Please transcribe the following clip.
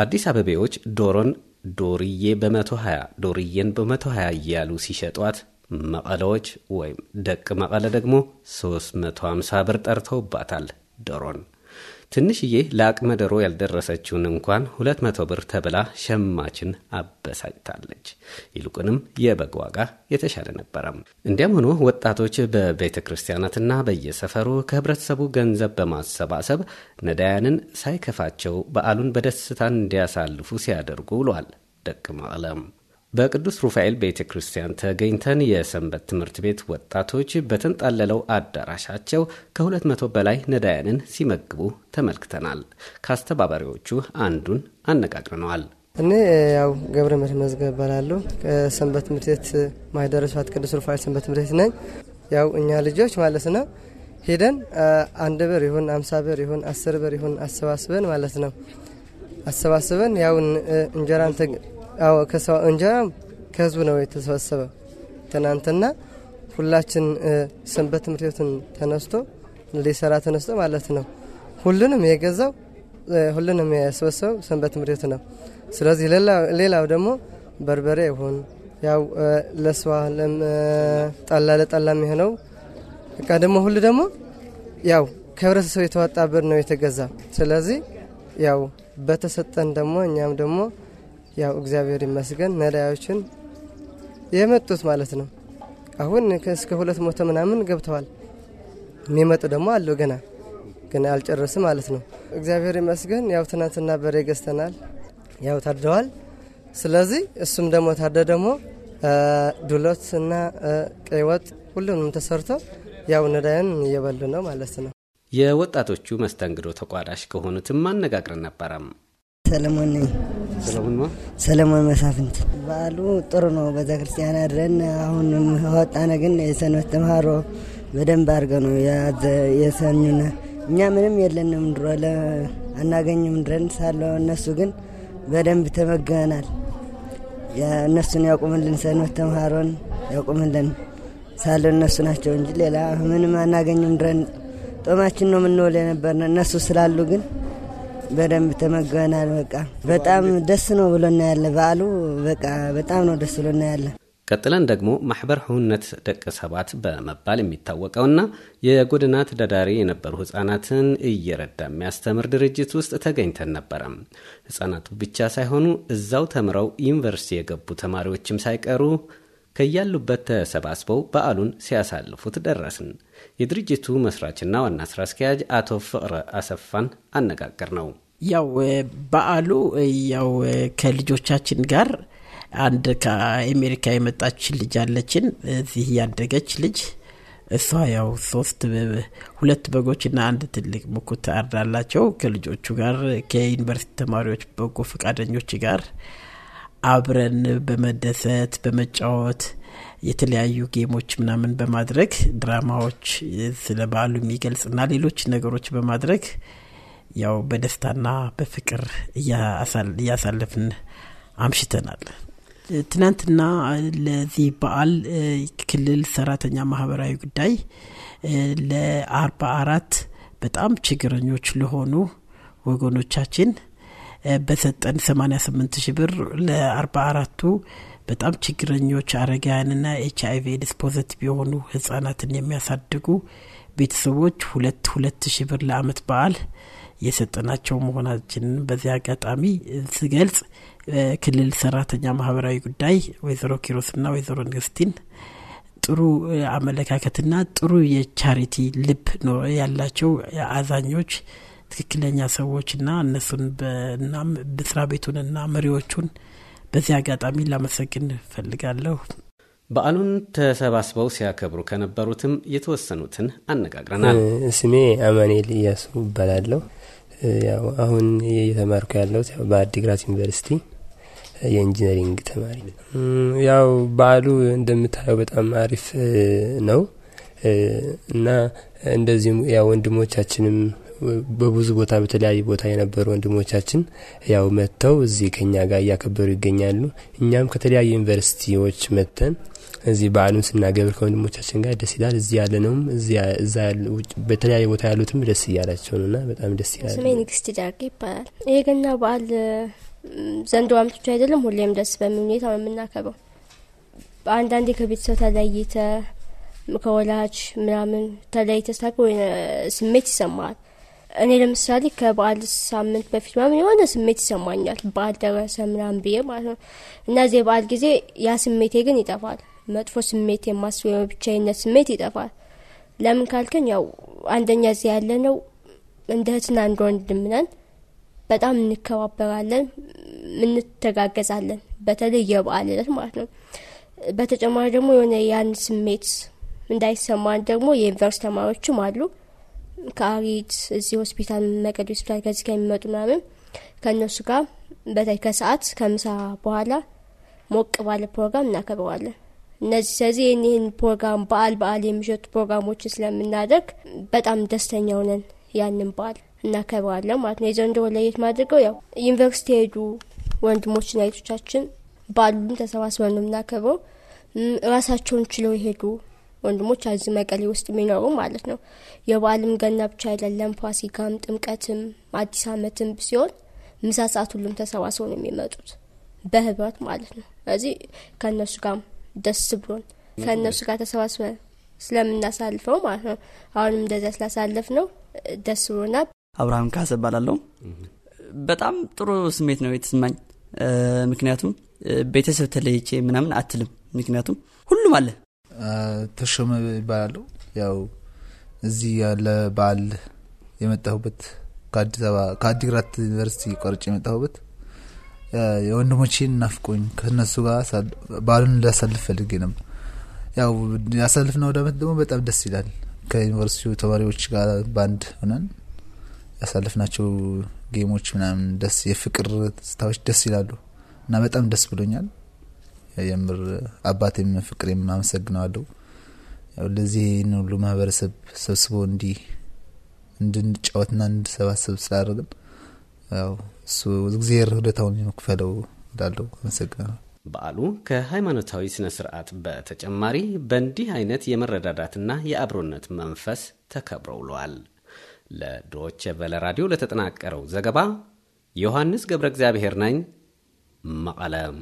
አዲስ አበቤዎች ዶሮን ዶርዬ በ120 ዶርዬን በ120 እያሉ ሲሸጧት መቀለዎች ወይም ደቅ መቀለ ደግሞ 350 ብር ጠርተውባታል ዶሮን። ትንሽዬ ለአቅመ ደሮ ያልደረሰችውን እንኳን 200 ብር ተብላ ሸማችን አበሳጭታለች። ይልቁንም የበግ ዋጋ የተሻለ ነበረም። እንዲያም ሆኖ ወጣቶች በቤተ ክርስቲያናትና በየሰፈሩ ከህብረተሰቡ ገንዘብ በማሰባሰብ ነዳያንን ሳይከፋቸው በዓሉን በደስታ እንዲያሳልፉ ሲያደርጉ ውሏል። ደቅ ማለም በቅዱስ ሩፋኤል ቤተ ክርስቲያን ተገኝተን የሰንበት ትምህርት ቤት ወጣቶች በተንጣለለው አዳራሻቸው ከ200 በላይ ነዳያንን ሲመግቡ ተመልክተናል። ከአስተባባሪዎቹ አንዱን አነጋግረነዋል። እኔ ያው ገብረ መድኅን መዝገብ እባላለሁ። ከሰንበት ትምህርት ቤት ማኅደረ ስብሐት ቅዱስ ሩፋኤል ሰንበት ትምህርት ቤት ነኝ። ያው እኛ ልጆች ማለት ነው ሄደን አንድ ብር ይሁን አምሳ ብር ይሁን አስር ብር ይሁን አሰባስበን ማለት ነው አሰባስበን ያው እንጀራን አዎ ከሰው እንጀራ ከህዝቡ ነው የተሰበሰበ። ትናንትና ሁላችን ሰንበት ትምህርት ቤቱን ተነስቶ ሊሰራ ተነስቶ ማለት ነው ሁሉንም የገዛው ሁሉንም የሰበሰበው ሰንበት ትምህርት ቤት ነው። ስለዚህ ሌላው ደግሞ በርበሬ ይሁን ያው ለስዋ ጠላ ለጠላ የሚሆነው በቃ ደግሞ ሁሉ ደግሞ ያው ከህብረተሰቡ የተዋጣ ብር ነው የተገዛ። ስለዚህ ያው በተሰጠን ደግሞ እኛም ደግሞ ያው እግዚአብሔር ይመስገን ነዳዮችን የመጡት ማለት ነው። አሁን እስከ ሁለት መቶ ምናምን ገብተዋል። የሚመጡ ደግሞ አሉ ገና ግን አልጨረስም ማለት ነው። እግዚአብሔር ይመስገን ያው ትናንትና በሬ ገዝተናል። ያው ታደዋል። ስለዚህ እሱም ደግሞ ታደ ደግሞ ዱሎት እና ቀይ ወጥ ሁሉንም ተሰርቶ ያው ነዳያን እየበሉ ነው ማለት ነው። የወጣቶቹ መስተንግዶ ተቋዳሽ ከሆኑትም አነጋግረን ነበረም ሰለሞን ነኝ። ሰለሞን ሰለሞን መሳፍንት በዓሉ ጥሩ ነው። ቤተ ክርስቲያን አድረን አሁን ወጣነ። ግን የሰንበት ተማሮ በደንብ አድርገ ነው የሰኙነ። እኛ ምንም የለንም ድሮ አናገኝም ድረን ሳለ እነሱ ግን በደንብ ተመግበናል። እነሱን ያቁምልን፣ ሰንበት ተማሮን ያቁምልን ሳለ እነሱ ናቸው እንጂ ሌላ ምንም አናገኝም ድረን ጦማችን ነው የምንውል የነበርነ እነሱ ስላሉ ግን በደንብ ተመገናል። በቃ በጣም ደስ ነው ብሎና ያለ በዓሉ በቃ በጣም ነው ደስ ብሎና ያለ። ቀጥለን ደግሞ ማኅበር ህውነት ደቀ ሰባት በመባል የሚታወቀውና የጎዳና ተዳዳሪ የነበሩ ህጻናትን እየረዳ የሚያስተምር ድርጅት ውስጥ ተገኝተን ነበረም። ህጻናቱ ብቻ ሳይሆኑ እዛው ተምረው ዩኒቨርሲቲ የገቡ ተማሪዎችም ሳይቀሩ ከያሉበት ተሰባስበው በዓሉን ሲያሳልፉት ደረስን። የድርጅቱ መስራችና ዋና ስራ አስኪያጅ አቶ ፍቅረ አሰፋን አነጋገር ነው። ያው በዓሉ ያው ከልጆቻችን ጋር አንድ ከአሜሪካ የመጣች ልጅ አለችን፣ እዚህ ያደገች ልጅ እሷ ያው ሶስት ሁለት በጎችና አንድ ትልቅ ሙኩት አርዳላቸው ከልጆቹ ጋር ከዩኒቨርሲቲ ተማሪዎች በጎ ፈቃደኞች ጋር አብረን በመደሰት በመጫወት የተለያዩ ጌሞች ምናምን በማድረግ ድራማዎች ስለ በዓሉ የሚገልጽና ሌሎች ነገሮች በማድረግ ያው በደስታና በፍቅር እያሳለፍን አምሽተናል። ትናንትና ለዚህ በዓል ክልል ሰራተኛ ማህበራዊ ጉዳይ ለአርባ አራት በጣም ችግረኞች ለሆኑ ወገኖቻችን በሰጠን 88 ሺ ብር ለ44ቱ በጣም ችግረኞች አረጋውያንና ኤች አይቪ ኤድስ ፖዘቲቭ የሆኑ ህጻናትን የሚያሳድጉ ቤተሰቦች ሁለት ሁለት ሺ ብር ለአመት በዓል የሰጠናቸው መሆናችንን በዚህ አጋጣሚ ስገልጽ ክልል ሰራተኛ ማህበራዊ ጉዳይ ወይዘሮ ኪሮስና ወይዘሮ ንግስቲን ጥሩ አመለካከትና ጥሩ የቻሪቲ ልብ ያላቸው አዛኞች ትክክለኛ ሰዎችና እነሱን በና ስራ ቤቱንና መሪዎቹን በዚህ አጋጣሚ ላመሰግን እፈልጋለሁ። በዓሉን ተሰባስበው ሲያከብሩ ከነበሩትም የተወሰኑትን አነጋግረናል። ስሜ አማኔል እያሱ እባላለሁ። ያው አሁን እየተማርኩ ያለሁት በአዲግራት ዩኒቨርሲቲ የኢንጂነሪንግ ተማሪ። ያው በዓሉ እንደምታየው በጣም አሪፍ ነው እና እንደዚሁም ያው ወንድሞቻችንም በብዙ ቦታ በተለያዩ ቦታ የነበሩ ወንድሞቻችን ያው መጥተው እዚህ ከኛ ጋር እያከበሩ ይገኛሉ። እኛም ከተለያዩ ዩኒቨርሲቲዎች መጥተን እዚህ በዓሉን ስናገብር ከወንድሞቻችን ጋር ደስ ይላል። እዚህ ያለነውም እዛ በተለያየ ቦታ ያሉትም ደስ እያላቸው ነውና በጣም ደስ ይላል። ስሜ ንግስት ጫርቅ ይባላል። የገና በዓል ዘንድሮ ዓመት ብቻ አይደለም፣ ሁሌም ደስ በሚል ሁኔታ ነው የምናከብረው። አንዳንዴ ከቤተሰብ ተለይተ ከወላጅ ምናምን ተለይተ ስታውቅ ስሜት ይሰማል። እኔ ለምሳሌ ከበዓል ሳምንት በፊት ምናምን የሆነ ስሜት ይሰማኛል፣ በዓል ደረሰ ምናምን ብዬ ማለት ነው። እናዚህ እዚህ የበዓል ጊዜ ያ ስሜቴ ግን ይጠፋል። መጥፎ ስሜት የማስብ የብቻይነት ስሜት ይጠፋል። ለምን ካልከን ያው አንደኛ እዚህ ያለ ነው እንደ እህትና እንደ ወንድም ነን። በጣም እንከባበራለን፣ እንተጋገዛለን። በተለይ የበዓል ዕለት ማለት ነው። በተጨማሪ ደግሞ የሆነ ያን ስሜት እንዳይሰማን ደግሞ የዩኒቨርስቲ ተማሪዎችም አሉ ከአሪት እዚህ ሆስፒታል መቀዲ ሆስፒታል ከዚህ ከሚመጡ ምናምን ከእነሱ ጋር በተለይ ከሰዓት ከምሳ በኋላ ሞቅ ባለ ፕሮግራም እናከብረዋለን። እነዚህ ስለዚህ ይህን ይህን ፕሮግራም በዓል በዓል የሚሸጡ ፕሮግራሞችን ስለምናደርግ በጣም ደስተኛ ሆነን ያንን በዓል እናከብረዋለን ማለት ነው። የዘንድሮ ለየት ማድርገው ያው ዩኒቨርሲቲ የሄዱ ወንድሞችና እህቶቻችን ባሉም ተሰባስበን ነው የምናከብረው። ራሳቸውን ችለው የሄዱ ወንድሞች እዚህ መቀሌ ውስጥ የሚኖሩ ማለት ነው። የበዓልም ገና ብቻ አይደለም፣ ፋሲካም፣ ጥምቀትም፣ አዲስ ዓመትም ሲሆን ምሳ ሰዓት ሁሉም ተሰባስበው ነው የሚመጡት በህብረት ማለት ነው። እዚህ ከእነሱ ጋር ደስ ብሎን ከእነሱ ጋር ተሰባስበ ስለምናሳልፈው ማለት ነው። አሁንም እንደዚያ ስላሳለፍ ነው ደስ ብሎና። አብርሃም ካሰ እባላለሁ። በጣም ጥሩ ስሜት ነው የተሰማኝ። ምክንያቱም ቤተሰብ ተለይቼ ምናምን አትልም። ምክንያቱም ሁሉም አለ ተሾመ ይባላለሁ። ያው እዚህ ያለ በዓል የመጣሁበት ከአዲስ አበባ ከአዲግራት ዩኒቨርሲቲ ቆርጭ የመጣሁበት የወንድሞቼን ናፍቆኝ ከነሱ ጋር በዓሉን ላሳልፍ ፈልጌ ነው። ያው ያሳልፍነው ዓመት ደግሞ በጣም ደስ ይላል። ከዩኒቨርሲቲው ተማሪዎች ጋር ባንድ ሆነን ያሳልፍናቸው ጌሞች ምናምን ደስ የፍቅር ስታዎች ደስ ይላሉ እና በጣም ደስ ብሎኛል። የምር አባቴም ፍቅሬም አመሰግነዋለሁ። ለዚህ ይህን ሁሉ ማህበረሰብ ሰብስቦ እንዲህ እንድንጫወትና እንድሰባሰብ ስላደረግን ያው እሱ እግዚአብሔር ሁለታውን የመክፈለው እላለሁ። አመሰግናለሁ። በዓሉ ከሃይማኖታዊ ስነ ስርዓት በተጨማሪ በእንዲህ አይነት የመረዳዳትና የአብሮነት መንፈስ ተከብሮ ውሏል። ለዶች በለ ራዲዮ ለተጠናቀረው ዘገባ ዮሐንስ ገብረ እግዚአብሔር ነኝ መቀለም